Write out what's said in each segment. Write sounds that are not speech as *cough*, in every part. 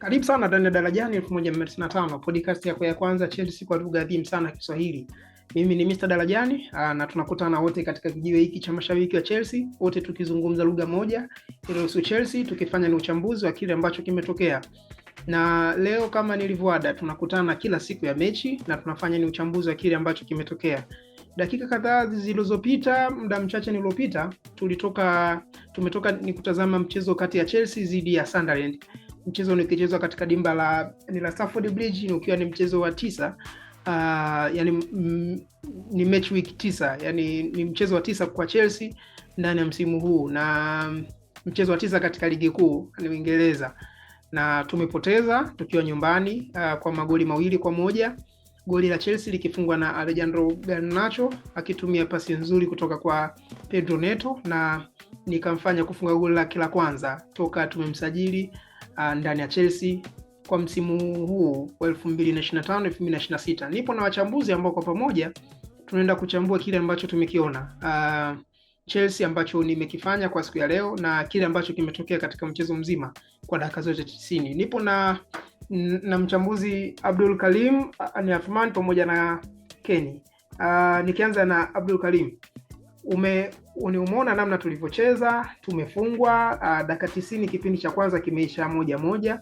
Karibu sana ndani ya Darajani 1995, podcast yako ya kwanza Chelsea kwa lugha adhimu sana ya Kiswahili. Mimi ni Mr. Darajani ah, na tunakutana wote katika kijiwe hiki cha mashabiki wa Chelsea, wote tukizungumza lugha moja inayohusu Chelsea, tukifanya ni uchambuzi wa kile ambacho kimetokea. Na leo kama nilivyoada, tunakutana kila siku ya mechi na tunafanya ni uchambuzi wa kile ambacho kimetokea. Dakika kadhaa zilizopita, muda mchache niliopita, tulitoka tumetoka ni kutazama mchezo kati ya Chelsea dhidi ya Sunderland mchezo nikichezwa katika dimba la ni la Stafford Bridge ukiwa ni mchezo wa tisa uh, yani, m, ni match week tisa yani ni mchezo wa tisa kwa Chelsea ndani ya msimu huu na mchezo wa tisa katika ligi kuu ni Uingereza na tumepoteza tukiwa nyumbani uh, kwa magoli mawili kwa moja goli la Chelsea likifungwa na Alejandro Garnacho akitumia pasi nzuri kutoka kwa Pedro Neto na nikamfanya kufunga goli lake la kwanza toka tumemsajili Uh, ndani ya Chelsea kwa msimu huu wa 2025 2026. Nipo na wachambuzi ambao kwa pamoja tunaenda kuchambua kile ambacho tumekiona uh, Chelsea ambacho nimekifanya kwa siku ya leo na kile ambacho kimetokea katika mchezo mzima kwa dakika zote 90. Nipo na na mchambuzi Abdul Karim uh, ni Athman pamoja na Kenny. Uh, nikianza na Abdul Karim ume umeona namna tulivyocheza, tumefungwa uh, dakika tisini kipindi cha kwanza kimeisha moja moja,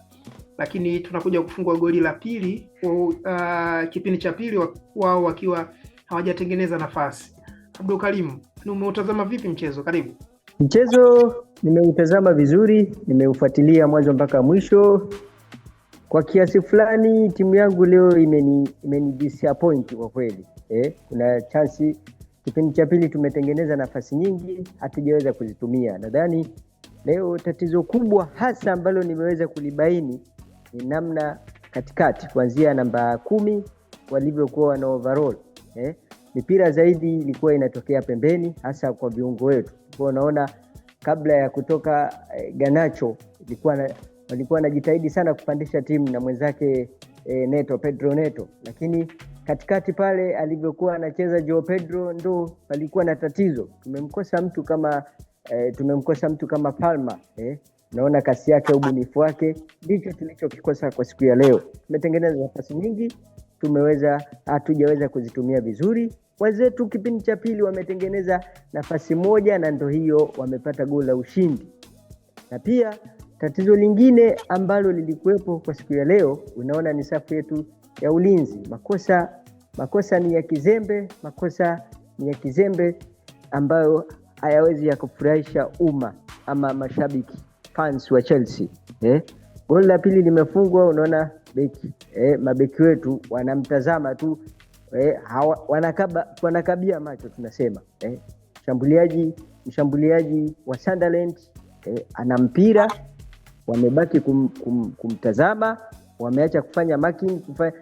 lakini tunakuja kufungwa goli la pili uh, kipindi cha pili wao wakiwa hawajatengeneza nafasi. Abdul Karim, umeutazama vipi mchezo? Karibu. Mchezo nimeutazama vizuri, nimeufuatilia mwanzo mpaka mwisho. Kwa kiasi fulani timu yangu leo imeni, imeni disappoint kwa kweli eh, kuna chansi Kipindi cha pili tumetengeneza nafasi nyingi, hatujaweza kuzitumia. Nadhani leo tatizo kubwa hasa ambalo nimeweza kulibaini ni namna katikati, kuanzia namba kumi walivyokuwa wana overall eh, mipira zaidi ilikuwa inatokea pembeni, hasa kwa viungo wetu. Unaona, kabla ya kutoka eh, Ganacho ilikuwa walikuwa wanajitahidi sana kupandisha timu na mwenzake eh, Neto Pedro Neto, lakini katikati pale alivyokuwa anacheza Joao Pedro ndo palikuwa na tatizo. Tumemkosa mtu kama eh, tumemkosa mtu kama Palma eh. Naona kasi yake, ubunifu wake ndicho tulichokikosa kwa siku ya leo. Tumetengeneza nafasi nyingi, tumeweza hatujaweza kuzitumia vizuri. Wenzetu kipindi cha pili wametengeneza nafasi moja na ndo hiyo wamepata goli la ushindi. Na pia tatizo lingine ambalo lilikuwepo kwa siku ya leo, unaona ni safu yetu ya ulinzi, makosa Makosa ni ya kizembe, makosa ni ya kizembe ambayo hayawezi ya kufurahisha umma ama mashabiki fans wa Chelsea eh. Goli la pili limefungwa, unaona beki eh, mabeki wetu wanamtazama tu eh, hawa, wanakaba, wanakabia macho tunasema eh. Mshambuliaji mshambuliaji wa Sunderland eh, ana mpira, wamebaki kum, kum, kumtazama, wameacha kufanya marking kufanya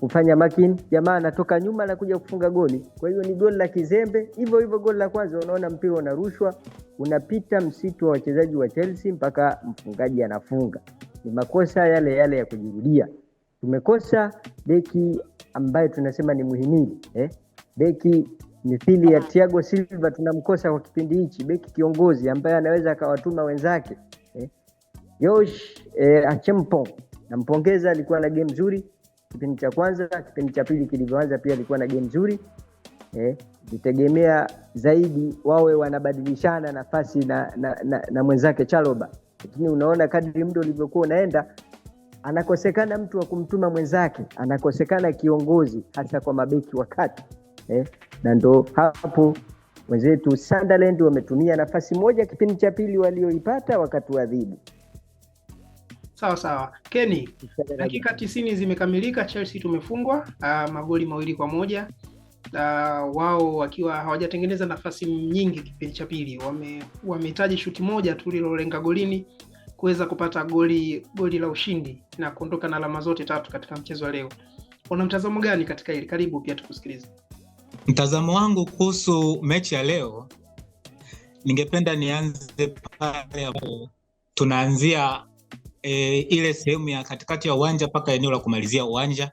kufanya makini. Jamaa anatoka nyuma anakuja kufunga goli, kwa hiyo ni goli la kizembe hivyo hivyo. Goli la kwanza unaona mpira unarushwa unapita msitu wa wachezaji wa Chelsea mpaka mfungaji anafunga. Ni makosa yale yale ya kujirudia. Tumekosa beki ambaye tunasema ni muhimili eh? beki mithili ya Thiago Silva tunamkosa kwa kipindi hichi, beki kiongozi ambaye anaweza akawatuma wenzake eh? Josh eh, Acheampong nampongeza, alikuwa na game nzuri kipindi cha kwanza, kipindi cha pili kilivyoanza pia ilikuwa na game nzuri eh, nitegemea zaidi wawe wanabadilishana nafasi na, na, na, na mwenzake Chaloba, lakini unaona kadri muda ulivyokuwa unaenda anakosekana mtu wa kumtuma mwenzake, anakosekana kiongozi hasa kwa mabeki wakati eh, na ndo hapo wenzetu Sunderland wametumia nafasi moja kipindi cha pili walioipata wakatuadhibu. Sawa sawa, keni dakika tisini zimekamilika, Chelsea tumefungwa uh, magoli mawili kwa moja uh, wao wakiwa hawajatengeneza nafasi nyingi kipindi cha pili, wamehitaji wame shuti moja tu lilolenga golini kuweza kupata goli goli la ushindi na kuondoka na alama zote tatu katika mchezo wa leo. Una mtazamo gani katika hili? Karibu pia tukusikilize. Mtazamo wangu kuhusu mechi ya leo, ningependa nianze pale tunaanzia e, ile sehemu ya katikati ya uwanja mpaka eneo la kumalizia uwanja.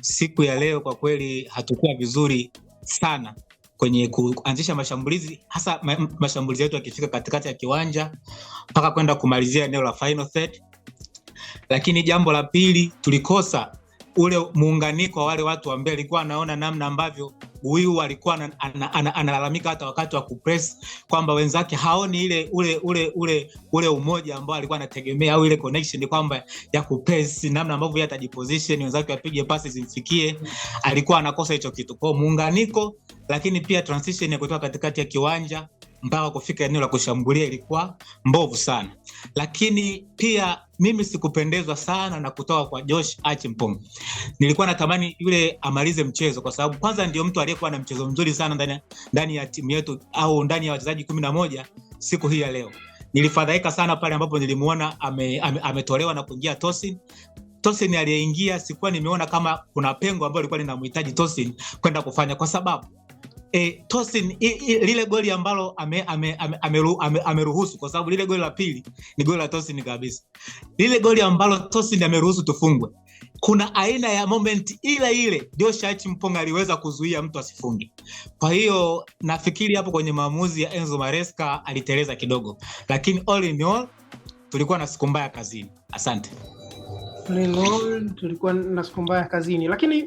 Siku ya leo kwa kweli hatukuwa vizuri sana kwenye kuanzisha mashambulizi hasa ma, mashambulizi yetu yakifika katikati ya kiwanja mpaka kwenda kumalizia eneo la final third. Lakini jambo la pili tulikosa ule muunganiko wa wale watu mbele likuwa anaona namna ambavyo huyu alikuwa analalamika hata wakati wa kupress kwamba wenzake haoni ile ule ule ule ule umoja ambao alikuwa anategemea au ile connection kwamba ya kupress, namna ambavyo yeye atajiposition wenzake wapige pasi zimfikie, alikuwa anakosa hicho kitu. Kwa muunganiko, lakini pia transition ya kutoka katikati ya kiwanja mpaka kufika eneo la kushambulia ilikuwa mbovu sana, lakini pia mimi sikupendezwa sana na kutoka kwa Josh Achimpong. Nilikuwa natamani yule amalize mchezo, kwa sababu kwanza ndio mtu aliyekuwa na mchezo mzuri sana ndani, ndani ya timu yetu au ndani ya wachezaji kumi na moja siku hii ya leo. Nilifadhaika sana pale ambapo nilimuona ame, ame, na kuingia Tosin. Tosin aliyeingia sikuwa nimeona kama kuna pengo ambalo lilikuwa linamhitaji Tosin kwenda kufanya, kwa sababu e, Tosin i, i, lile goli ambalo ameruhusu ame, ame, ame, ame, ame kwa sababu lile goli la pili ni goli la Tosin kabisa. Lile goli ambalo Tosin ameruhusu tufungwe, kuna aina ya moment ile ile ndio Shachi Mponga aliweza kuzuia mtu asifunge. Kwa hiyo nafikiri hapo kwenye maamuzi ya Enzo Maresca aliteleza kidogo, lakini all in all tulikuwa na siku mbaya kazini. Asante. tulikuwa na siku mbaya kazini lakini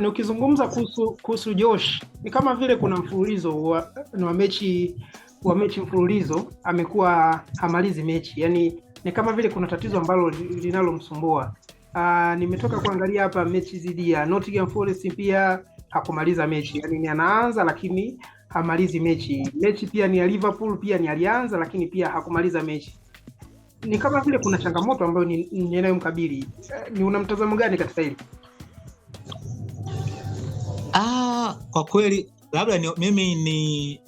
ni ukizungumza kuhusu kuhusu Josh ni kama vile kuna mfululizo wa, wa mechi wa mechi mfululizo amekuwa hamalizi mechi, yani ni kama vile kuna tatizo ambalo linalomsumbua. Ah, nimetoka kuangalia hapa mechi dhidi ya Nottingham Forest pia hakumaliza mechi, yani ni anaanza lakini hamalizi mechi. Mechi pia ni ya Liverpool pia ni alianza lakini pia hakumaliza mechi. Ni kama vile kuna changamoto ambayo ni, Ni, ni, eh, ni una mtazamo gani katika hili? kwa kweli labda ni, mimi ni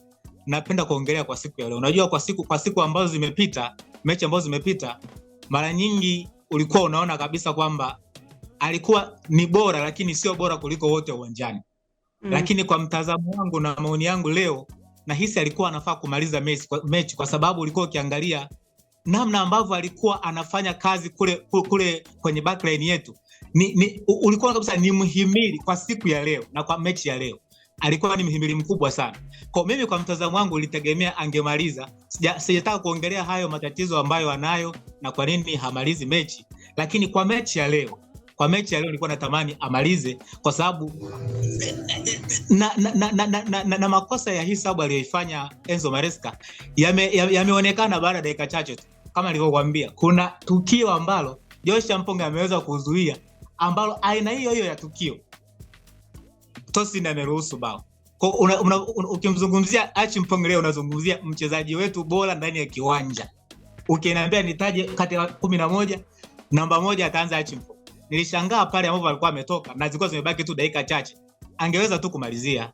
napenda kuongelea kwa siku ya leo. Unajua kwa siku kwa siku ambazo zimepita, mechi ambazo zimepita, mara nyingi ulikuwa unaona kabisa kwamba alikuwa ni bora lakini sio bora kuliko wote uwanjani. Mm. Lakini kwa mtazamo wangu na maoni yangu leo nahisi alikuwa anafaa kumaliza mechi kwa, mechi kwa sababu ulikuwa ukiangalia namna ambavyo alikuwa anafanya kazi kule kule kwenye backline yetu ni, ni, ulikuwa kabisa ni mhimili kwa siku ya leo na kwa mechi ya leo alikuwa ni mhimili mkubwa sana. Kwa mimi kwa mtazamo wangu ulitegemea angemaliza. Sijataka kuongelea hayo matatizo ambayo anayo na kwa nini hamalizi mechi, lakini kwa mechi ya leo, kwa mechi ya leo nilikuwa natamani amalize, kwa sababu na, na, na, na, na, na, na, makosa ya hii hisabu aliyoifanya Enzo Maresca yameonekana yame baada ya dakika chache tu, kama nilivyokuambia, kuna tukio ambalo Joshua Mponga ameweza kuzuia ambalo aina hiyo hiyo ya tukio Tosin ameruhusu bao. Ukimzungumzia Achi Mpong leo unazungumzia mchezaji wetu bora ndani ya kiwanja. Ukiniambia nitaje kati ya kumi na moja, namba moja ataanza Achi Mpong. Nilishangaa pale ambavyo alikuwa ametoka na zilikuwa zimebaki tu dakika chache, angeweza tu kumalizia.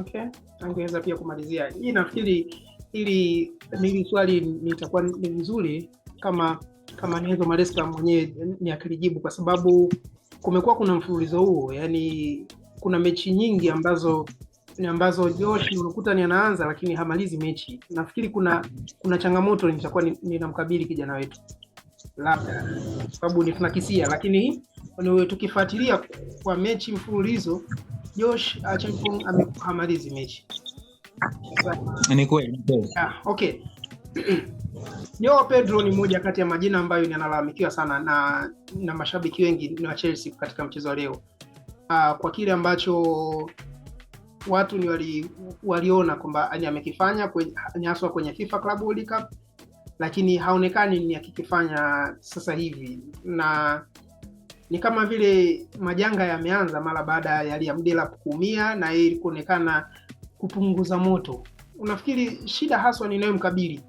Okay, angeweza pia kumalizia hii. Nafikiri ili hili swali nitakuwa ni nzuri kama kama Nenzo Maresca mwenyewe ni akilijibu, kwa sababu kumekuwa kuna mfululizo huo, yani kuna mechi nyingi ambazo ambazo Josh unakuta ni anaanza lakini hamalizi mechi. Nafikiri kuna kuna changamoto nitakuwa ninamkabili kijana wetu labda, sababu ni tunakisia, lakini tukifuatilia kwa mechi mfululizo Josh Achenkung amehamalizi hamalizi mechi. Ni kweli. Ah, okay. *clears throat* Joao Pedro ni moja kati ya majina ambayo yanalalamikiwa sana na na mashabiki wengi ni wa Chelsea katika mchezo wa leo. Uh, kwa kile ambacho watu ni wali, waliona kwamba amekifanya haswa kwenye FIFA Club World Cup, lakini haonekani ni akikifanya sasa hivi, na ni kama vile majanga yameanza mara baada ya Liam Delap kuumia na yeye kuonekana kupunguza moto. Unafikiri shida haswa ninayomkabili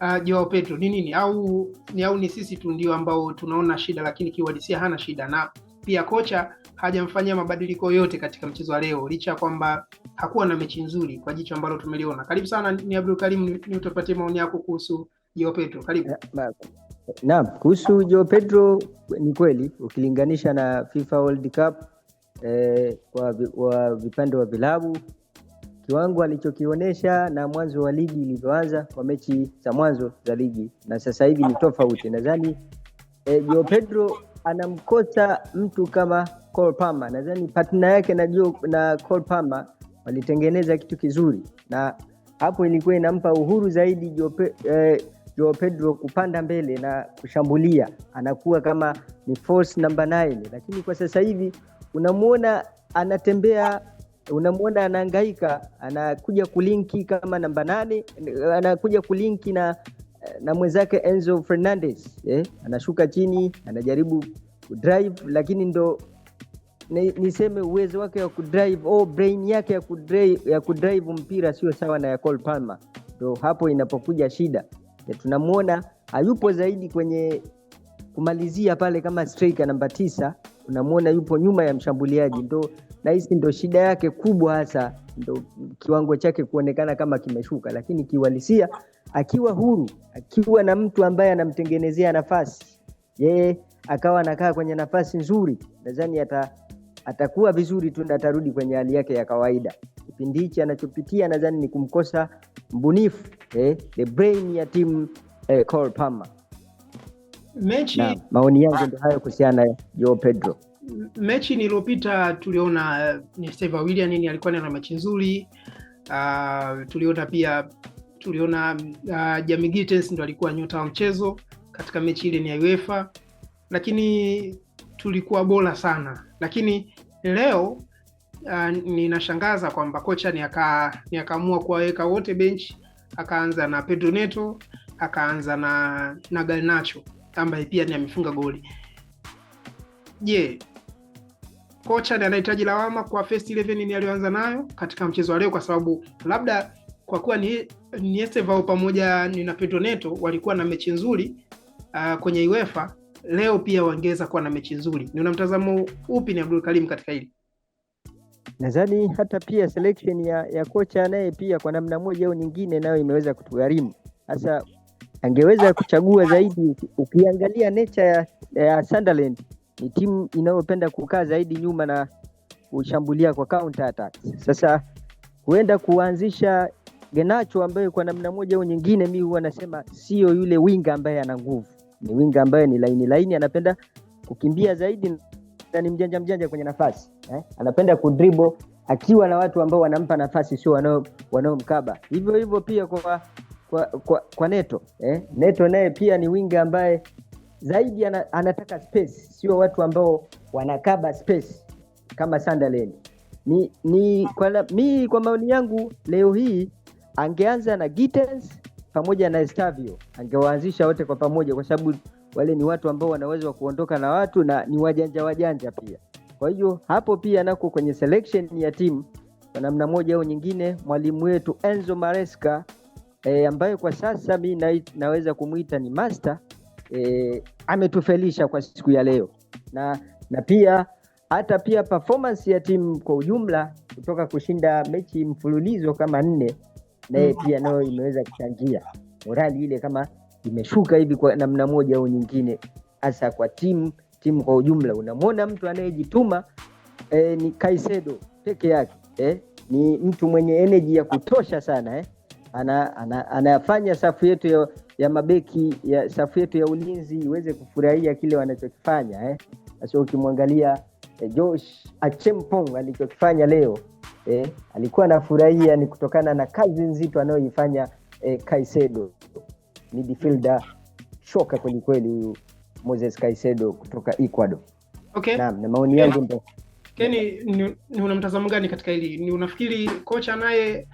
uh, Joao Pedro ni nini, au ni au ni sisi tu ndio ambao tunaona shida, lakini kiuhalisia hana shida, na pia kocha hajamfanyia mabadiliko yote katika mchezo wa leo, licha ya kwamba hakuwa na mechi nzuri kwa jicho ambalo tumeliona. Karibu sana ni Abdul Karim, ni utapatie maoni yako kuhusu Joao Pedro. Karibu. Naam, kuhusu Joao Pedro ni kweli ukilinganisha na FIFA World Cup eh, kwa vipande wa vilabu kiwango alichokionyesha na mwanzo wa ligi ilivyoanza kwa mechi za mwanzo za ligi na sasa hivi ni tofauti. Nadhani eh, Pedro anamkosa mtu kama Cole Palmer. Nadhani partner yake na jo na Cole Palmer walitengeneza kitu kizuri, na hapo ilikuwa inampa uhuru zaidi jo, eh, jo Pedro kupanda mbele na kushambulia, anakuwa kama ni force number 9, lakini kwa sasa hivi unamwona anatembea unamwona anahangaika, anakuja kulinki kama namba nane, anakuja kulinki na na mwenzake Enzo Fernandez eh, anashuka chini anajaribu kudrive, lakini ndo niseme uwezo wake wa kudrive oh, brain yake ya kudrive, ya kudrive mpira sio sawa na ya Cole ndo hapo inapokuja shida. Eh, tunamwona hayupo zaidi kwenye kumalizia pale kama striker namba tisa, unamwona yupo nyuma ya mshambuliaji ndo na hisi ndo shida yake kubwa, hasa ndo kiwango chake kuonekana kama kimeshuka, lakini kiwalisia akiwa huru, akiwa na mtu ambaye anamtengenezea nafasi, yeye akawa anakaa kwenye nafasi nzuri, nadhani ata atakuwa vizuri tu, atarudi kwenye hali yake ya kawaida. Kipindi hichi anachopitia nadhani ni kumkosa mbunifu eh, the brain ya timu eh, Cole Palmer. Mechi, maoni yangu ndo hayo kuhusiana na Joao Pedro mechi niliyopita tuliona eh, ni Willian ni alikuwa na mechi nzuri. Uh, tuliona pia tuliona uh, Jamie Gittens ndo alikuwa nyota wa mchezo katika mechi ile ni ya UEFA, lakini tulikuwa bora sana, lakini leo uh, ninashangaza kwamba kocha ni akaamua kuwaweka wote bench, akaanza na Pedro Neto, akaanza na, na Garnacho ambaye pia ni amefunga goli Je, kocha ndiye anahitaji lawama kwa first 11 ni aliyoanza nayo katika mchezo wa leo, kwa sababu labda kwa kuwa ni Niestevao pamoja na Pedro Neto walikuwa na mechi nzuri uh, kwenye UEFA leo pia wangeweza kuwa na mechi nzuri. Ni una mtazamo upi ni Abdul Karim katika hili? Nadhani hata pia selection ya, ya kocha naye pia kwa namna moja au nyingine nayo imeweza kutugharimu. hasa angeweza kuchagua zaidi, ukiangalia nature ya, ya Sunderland ni timu inayopenda kukaa zaidi nyuma na kushambulia kwa counter Sasa huenda kuanzisha Genacho ambaye kwa namna moja au nyingine mi huwa nasema sio yule winga ambaye ana nguvu, ni winga ambaye ni laini laini, anapenda kukimbia zaidi na ni mjanja mjanja kwenye nafasi eh? Anapenda kudribble akiwa na watu ambao wanampa nafasi, sio wanaomkaba. Hivyo hivyo pia kwa, kwa, kwa, kwa Neto eh? Neto naye pia ni winga ambaye zaidi ana, anataka space, sio watu ambao wanakaba space kama Sunderland. Ni, ni kwa, mi kwa maoni yangu leo hii angeanza na Gittens pamoja na Estavio, angewaanzisha wote kwa pamoja, kwa sababu wale ni watu ambao wanaweza wa kuondoka na watu na ni wajanja wajanja pia. Kwa hiyo hapo pia nako kwenye selection ya timu kwa namna moja au nyingine, mwalimu wetu Enzo Maresca e, ambaye kwa sasa mi na, naweza kumwita ni master e, ametufelisha kwa siku ya leo na, na pia hata pia performance ya timu kwa ujumla kutoka kushinda mechi mfululizo kama nne, naye mm. pia nayo imeweza kuchangia morali ile kama imeshuka hivi kwa namna moja au nyingine, hasa kwa timu timu kwa ujumla. Unamwona mtu anayejituma eh, ni Kaisedo peke yake eh, ni mtu mwenye energy ya kutosha sana eh. Ana, ana, anafanya safu yetu ya ya mabeki ya safu yetu ya ulinzi iweze kufurahia kile wanachokifanya eh. So ukimwangalia eh, Josh Achempong alichokifanya leo eh, alikuwa anafurahia ni kutokana na kazi nzito anayoifanya eh, Kaisedo midfielder shoka kwelikweli huyu Moses Kaisedo kutoka Ecuador. Okay. Naam, na maoni yangu ndio. Keni, ni, ni una mtazamo gani katika hili? Ni unafikiri kocha naye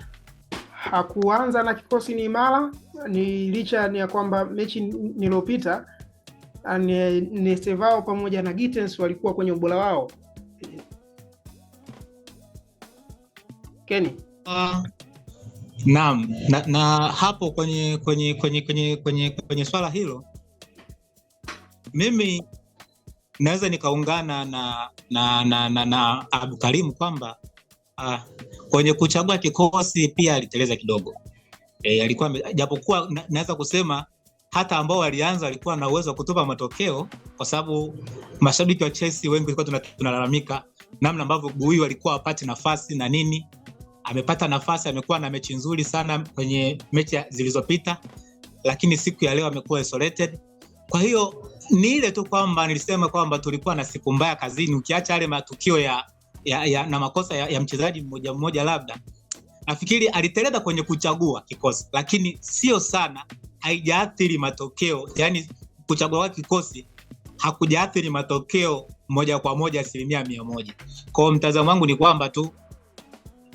hakuanza na kikosi ni imara, ni licha ya kwamba mechi niliopita Nestevao pamoja na gitens walikuwa kwenye ubora wao. keni Uh, naam na, na hapo kwenye kwenye kwenye kwenye kwenye kwenye swala hilo mimi naweza nikaungana na na na, na, na Abdulkarim kwamba Ah, kwenye kuchagua kikosi pia aliteleza kidogo e, alikuwa japokuwa naweza kusema hata ambao walianza walikuwa na uwezo wa kutupa matokeo, kwa sababu mashabiki wa Chelsea wengi tulikuwa tunalalamika namna ambavyo Guiu alikuwa apati nafasi na nini. Amepata nafasi, amekuwa na mechi nzuri sana kwenye mechi zilizopita, lakini siku ya leo amekuwa isolated. Kwa hiyo ni ile tu kwamba nilisema kwamba tulikuwa na siku mbaya kazini, ukiacha yale matukio ya ya, ya, na makosa ya, ya mchezaji mmoja mmoja, labda nafikiri aliteleza kwenye kuchagua kikosi, lakini sio sana, haijaathiri matokeo. Yani kuchagua kwa kikosi hakujaathiri matokeo moja kwa moja asilimia mia moja. Kwao mtazamo wangu ni kwamba tu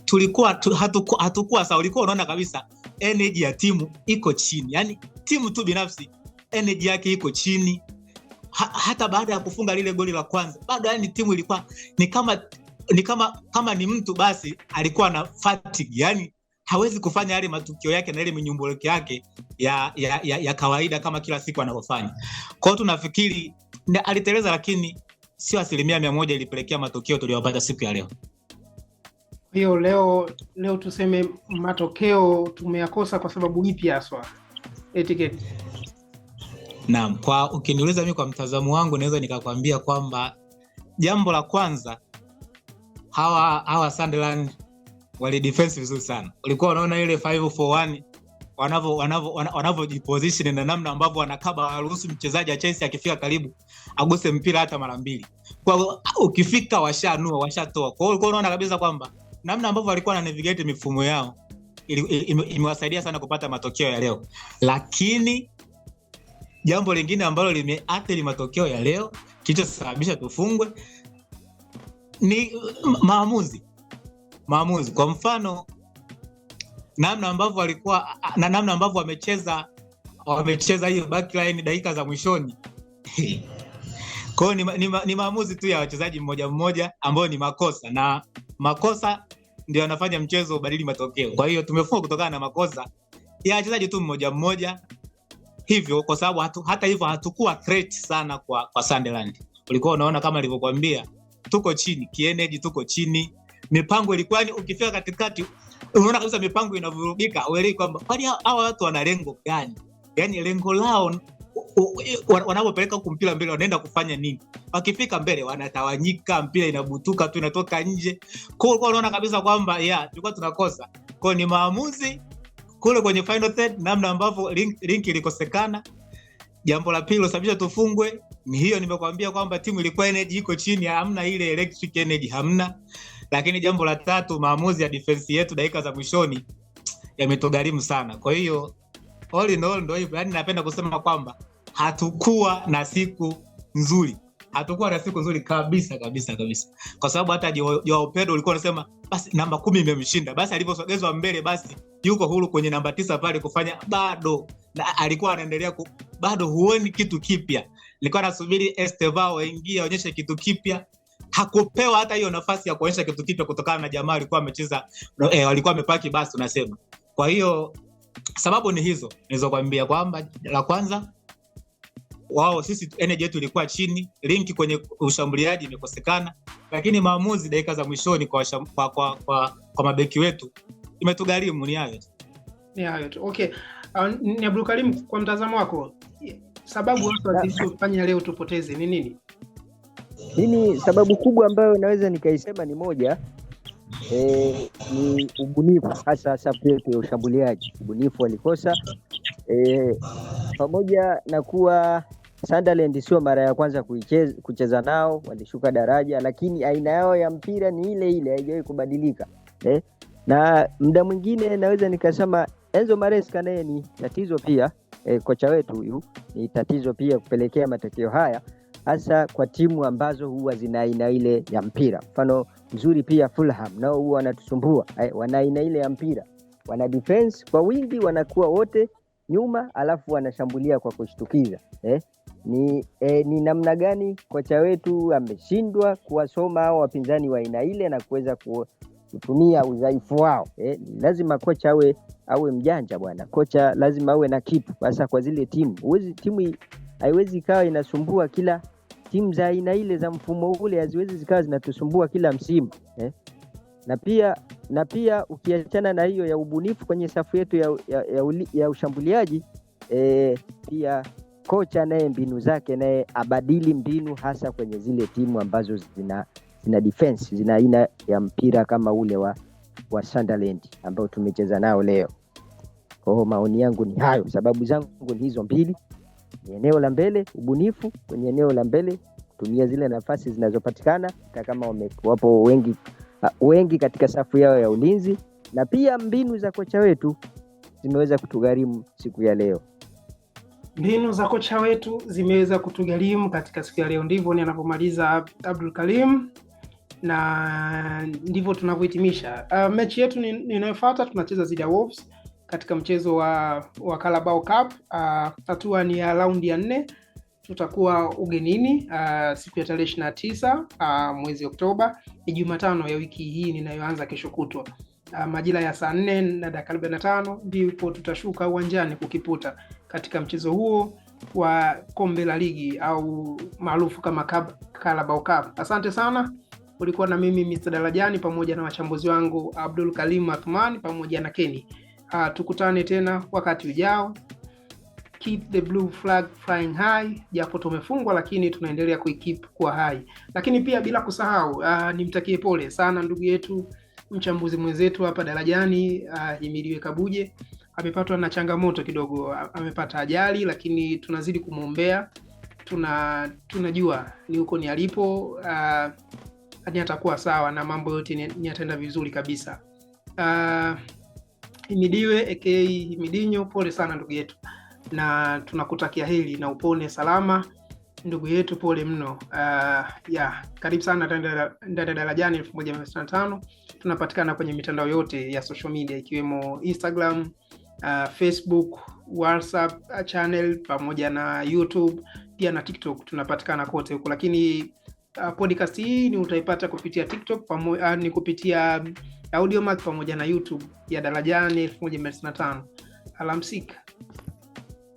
tulikuwa tu, hatukuwa, hatukuwa sawa. Ulikuwa unaona kabisa energy ya timu iko chini, yani timu tu binafsi energy yake iko chini. Ha, hata baada ya kufunga lile goli la kwanza bado yani timu ilikuwa ni kama ni kama kama ni mtu basi alikuwa na fatigue, yani hawezi kufanya yale matukio yake na ile minyumbuliko yake ya, ya, ya, ya kawaida kama kila siku anavyofanya. Kwa hiyo tunafikiri aliteleza, lakini sio asilimia mia moja ilipelekea matokeo tuliyopata siku ya leo. hiyo leo leo tuseme matokeo tumeyakosa kwa sababu ipi haswa? Eh, Etiquette. Naam, kwa ukiniuliza mimi kwa mtazamo wangu naweza nikakwambia kwamba jambo la kwanza hawa hawa Sunderland wali defense vizuri sana, ulikuwa unaona ile 541 wanavyo wanavyo wanavyojiposition na namna ambavyo wanakaba, waruhusu mchezaji wa Chelsea akifika karibu aguse mpira hata mara mbili. Kwa hiyo ah, ukifika washanua washatoa. Kwa hiyo unaona kabisa kwamba namna ambavyo walikuwa na navigate mifumo yao imewasaidia sana kupata matokeo ya leo, lakini jambo lingine ambalo limeathiri matokeo ya leo kilichosababisha tufungwe ni maamuzi maamuzi. Kwa mfano namna ambavyo alikuwa na namna ambavyo wamecheza wamecheza hiyo backline dakika za mwishoni *laughs* kwa ni, ni, ni maamuzi tu ya wachezaji mmoja mmoja ambayo ni makosa, na makosa ndio yanafanya mchezo ubadili matokeo. Kwa hiyo tumefungwa kutokana na makosa ya wachezaji tu mmoja mmoja hivyo, kwa sababu hata hivyo hatukuwa threat sana kwa, kwa Sunderland. Ulikuwa unaona kama nilivyokuambia tuko chini kieneji, tuko chini. Mipango ilikuwa ni ukifika katikati, unaona kabisa mipango inavurugika, uelewi kwamba kwani hawa watu wana lengo gani? Yani lengo lao wanapopeleka huku mpira mbele wanaenda kufanya nini? Wakifika mbele wanatawanyika, mpira inabutuka tu, inatoka nje. Kwa hiyo unaona kabisa kwamba ya tulikuwa tunakosa. Kwa ni maamuzi kule kwenye final third, namna ambavyo link, link ilikosekana Jambo la pili lilosababisha tufungwe ni hiyo, nimekwambia kwamba timu ilikuwa energy iko chini, hamna ile electric energy, hamna. Lakini jambo la tatu, maamuzi ya defense yetu dakika za mwishoni yametugharimu sana. Kwa hiyo all in all, ndio hivyo, yani napenda kusema kwamba hatukuwa na siku nzuri hatukuwa na siku nzuri kabisa kabisa kabisa, kwa sababu hata Joao Pedro ulikuwa unasema basi namba kumi imemshinda, basi alivyosogezwa mbele, basi yuko huru kwenye namba tisa pale kufanya bado, na alikuwa anaendelea ku, bado huoni kitu kipya. Nilikuwa nasubiri Estevao aingie aonyeshe kitu kipya, hakupewa hata hiyo nafasi ya kuonyesha kitu kipya kutokana na jamaa alikuwa amecheza eh, alikuwa amepaki basi, unasema. Kwa hiyo sababu ni hizo nilizokwambia kwamba la kwanza wao, sisi energy yetu ilikuwa chini, linki kwenye ushambuliaji imekosekana, lakini maamuzi dakika za mwishoni kwa, kwa, kwa, kwa, kwa mabeki wetu imetugharimu. Ni hayo ni hayo tu. Okay, uh, ni abdulkarim kwa mtazamo wako sababu watu walizofanya leo tupoteze ni nini? Mimi sababu kubwa ambayo naweza nikaisema ni moja e, ni ubunifu, hasa safu yetu ya ushambuliaji. Ubunifu walikosa e, pamoja na kuwa Sunderland sio mara ya kwanza kuicheza, kucheza nao, walishuka daraja, lakini aina yao ya mpira ni ile ile, haijawahi kubadilika eh? na mda mwingine naweza nikasema Enzo Maresca naye ni tatizo pia eh, kocha wetu huyu ni tatizo pia kupelekea matokeo haya, hasa kwa timu ambazo huwa zina aina ile ya mpira. Mfano mzuri pia Fulham nao huwa wanatusumbua eh, wana aina ile ya mpira, wana defense kwa wingi, wanakuwa wote nyuma, alafu wanashambulia kwa kushtukiza eh ni, e, ni namna gani kocha wetu ameshindwa kuwasoma hao wapinzani wa aina ile na kuweza kutumia udhaifu wao E, Lazima kocha awe awe mjanja bwana, kocha lazima awe na kitu hasa kwa zile timu. Huwezi timu haiwezi ikawa inasumbua kila timu za aina ile za mfumo ule haziwezi zikawa zinatusumbua kila msimu e. Na pia na pia ukiachana na hiyo ya ubunifu kwenye safu yetu ya, ya, ya, ya ushambuliaji e, pia kocha naye mbinu zake naye abadili mbinu, hasa kwenye zile timu ambazo zina zina defense, zina aina ya mpira kama ule wa, wa Sunderland ambao tumecheza nao leo. Kwa maoni yangu ni hayo, sababu zangu ni hizo mbili, ni eneo la mbele, ubunifu kwenye eneo la mbele, kutumia zile nafasi zinazopatikana hata kama wapo wengi wengi katika safu yao ya ulinzi, na pia mbinu za kocha wetu zimeweza kutugharimu siku ya leo mbinu za kocha wetu zimeweza kutugharimu katika siku ya leo. Ndivyo ni anavyomaliza Abdul Karim na ndivyo tunavyohitimisha uh, mechi yetu inayofuata. Tunacheza dhidi ya Wolves katika mchezo wa, wa Carabao Cup. Ah, hatua uh, ni ya raundi ya nne, tutakuwa ugenini uh, siku ya tarehe ishirini na tisa uh, mwezi Oktoba. Ni Jumatano ya wiki hii ninayoanza kesho kutwa. Ah, majira ya saa nne na dakika 45 ndipo tutashuka uwanjani kukiputa katika mchezo huo wa kombe la ligi au maarufu kama Carabao Cup. Asante sana, ulikuwa na mimi Mr. Darajani pamoja na wachambuzi wangu Abdul Karim Athmani pamoja na Keni. Uh, ah, tukutane tena wakati ujao. Keep the blue flag flying high, japo tumefungwa lakini tunaendelea kuikeep kwa hai, lakini pia bila kusahau uh, nimtakie pole sana ndugu yetu mchambuzi mwenzetu hapa darajani uh, imiliwe Kabuje amepatwa na changamoto kidogo, amepata ajali, lakini tunazidi kumwombea. Tuna tunajua ni huko ni alipo, uh, ni atakuwa sawa na mambo yote ni, ni ataenda vizuri kabisa. Uh, imidiwe ek imidinyo pole sana ndugu yetu, na tunakutakia heli na upone salama ndugu yetu, pole mno. Uh, yeah, karibu sana ya Darajani elfu moja mia sitini tano. Tunapatikana kwenye mitandao yote ya social media ikiwemo Instagram, uh, Facebook, WhatsApp uh, channel pamoja na YouTube pia na TikTok, tunapatikana kote huko, lakini uh, podcast hii ni utaipata kupitia TikTok uh, ni kupitia Audiomack pamoja na YouTube ya Darajani elfu moja mia tisa tano. Alamsika.